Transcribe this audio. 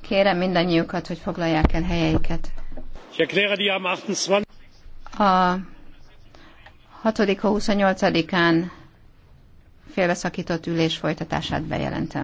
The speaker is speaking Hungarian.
Kérem mindannyiukat, hogy foglalják el helyeiket. A 6.-28-án félbeszakított ülés folytatását bejelentem.